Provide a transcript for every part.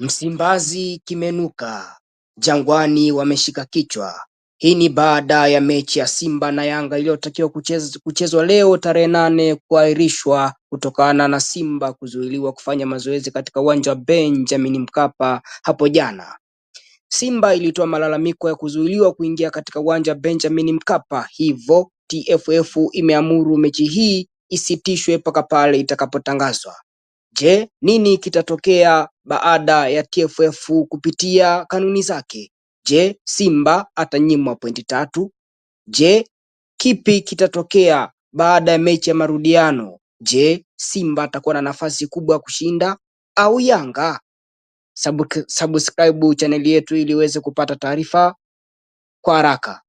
Msimbazi kimenuka, Jangwani wameshika kichwa. Hii ni baada ya mechi ya Simba na Yanga iliyotakiwa kuchezwa leo tarehe nane kuahirishwa kutokana na Simba kuzuiliwa kufanya mazoezi katika uwanja wa Benjamin Mkapa hapo jana. Simba ilitoa malalamiko ya kuzuiliwa kuingia katika uwanja wa Benjamin Mkapa, hivyo TFF imeamuru mechi hii isitishwe mpaka pale itakapotangazwa. Je, nini kitatokea baada ya TFF kupitia kanuni zake? Je, Simba atanyimwa pointi tatu? Je, kipi kitatokea baada ya mechi ya marudiano? Je, Simba atakuwa na nafasi kubwa ya kushinda au Yanga? Subscribe chaneli yetu ili uweze kupata taarifa kwa haraka.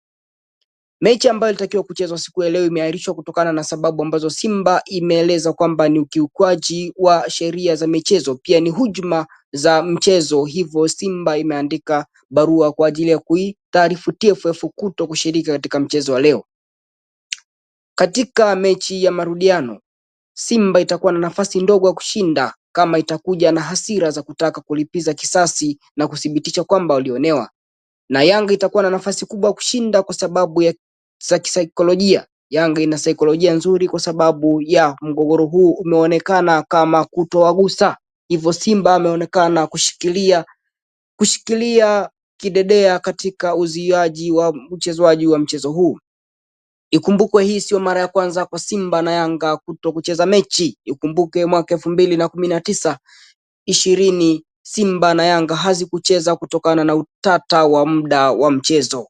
Mechi ambayo ilitakiwa kuchezwa siku ya leo imeahirishwa kutokana na sababu ambazo Simba imeeleza kwamba ni ukiukwaji wa sheria za michezo, pia ni hujuma za mchezo. Hivyo Simba imeandika barua kwa ajili ya kuitaarifu TFF kuto kushiriki katika mchezo wa leo. Katika mechi ya marudiano, Simba itakuwa na nafasi ndogo ya kushinda kama itakuja na hasira za kutaka kulipiza kisasi na kuthibitisha kwamba walionewa na Yanga itakuwa na nafasi kubwa kushinda kwa sababu ya za kisaikolojia. Yanga ina saikolojia nzuri kwa sababu ya mgogoro huu umeonekana kama kutowagusa, hivyo Simba ameonekana kushikilia kushikilia kidedea katika uzuiaji wa uchezwaji wa mchezo huu. Ikumbukwe hii sio mara ya kwanza kwa Simba na Yanga kuto kucheza mechi. Ikumbuke mwaka elfu mbili na kumi na tisa ishirini Simba na Yanga hazikucheza kutokana na utata wa muda wa mchezo.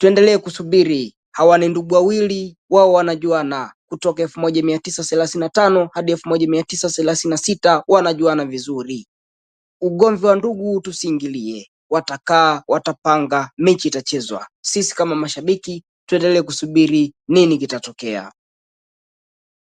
Tuendelee kusubiri. Hawa ni ndugu wawili, wao wanajuana kutoka elfu moja mia tisa thelathini na tano hadi elfu moja mia tisa thelathini na sita wanajuana vizuri. Ugomvi wa ndugu tusiingilie, watakaa watapanga, mechi itachezwa. Sisi kama mashabiki tuendelee kusubiri nini kitatokea.